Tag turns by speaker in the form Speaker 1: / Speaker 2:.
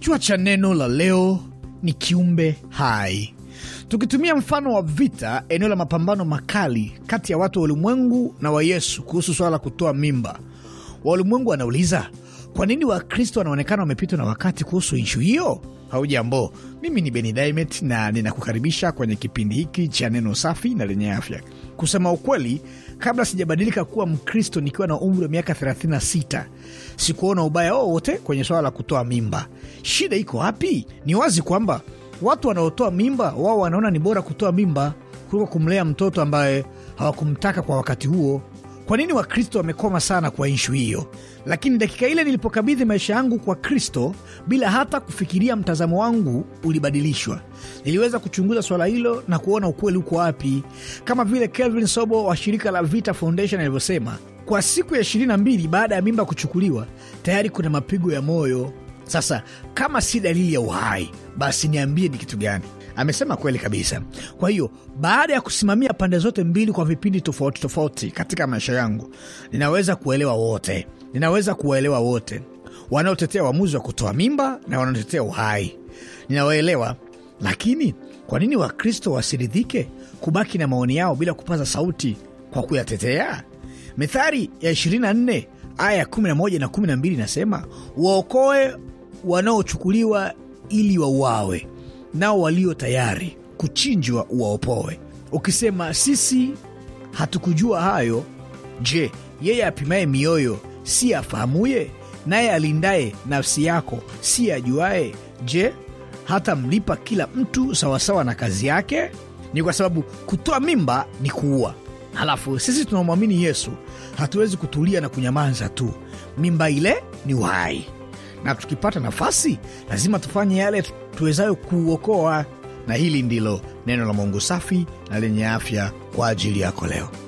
Speaker 1: Kichwa cha neno la leo ni kiumbe hai. Tukitumia mfano wa vita, eneo la mapambano makali kati ya watu wa ulimwengu na wa Yesu kuhusu swala la kutoa mimba, wa ulimwengu wanauliza kwa nini Wakristo wanaonekana wamepitwa na wakati kuhusu ishu hiyo? Haujambo, mimi ni Beni Dimet na ninakukaribisha kwenye kipindi hiki cha neno safi na lenye afya. Kusema ukweli, kabla sijabadilika kuwa Mkristo nikiwa na umri wa miaka 36 sikuona ubaya wowote kwenye swala la kutoa mimba. Shida iko wapi? Ni wazi kwamba watu wanaotoa mimba wao wanaona ni bora kutoa mimba kuliko kumlea mtoto ambaye hawakumtaka kwa wakati huo kwa nini Wakristo wamekoma sana kwa inshu hiyo. Lakini dakika ile nilipokabidhi maisha yangu kwa Kristo bila hata kufikiria, mtazamo wangu ulibadilishwa. Niliweza kuchunguza swala hilo na kuona ukweli uko wapi, kama vile Kelvin Sobo wa shirika la Vita Foundation alivyosema, kwa siku ya 22 baada ya mimba kuchukuliwa, tayari kuna mapigo ya moyo sasa kama si dalili ya uhai, basi niambie ni kitu gani? Amesema kweli kabisa. Kwa hiyo baada ya kusimamia pande zote mbili kwa vipindi tofauti tofauti katika maisha yangu, ninaweza kuelewa wote, ninaweza kuwaelewa wote wanaotetea uamuzi wa kutoa mimba na wanaotetea uhai, ninawaelewa. Lakini kwa nini Wakristo wasiridhike kubaki na maoni yao bila kupaza sauti kwa kuyatetea? Mithali ya 24 aya ya 11 na 12 inasema, waokoe wanaochukuliwa ili wauawe, nao walio tayari kuchinjwa uwaopoe. Ukisema sisi hatukujua hayo, je, yeye apimaye mioyo si afahamuye? Naye alindaye nafsi yako si ajuaye? Je, hata mlipa kila mtu sawasawa na kazi yake? Ni kwa sababu kutoa mimba ni kuua. Halafu sisi tunamwamini Yesu, hatuwezi kutulia na kunyamaza tu. Mimba ile ni uhai na tukipata nafasi lazima tufanye yale tuwezayo kuokoa. Na hili ndilo neno la Mungu safi na lenye afya kwa ajili yako leo.